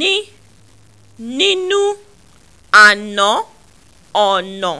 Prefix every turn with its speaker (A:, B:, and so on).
A: ní nínú àná ọ̀nà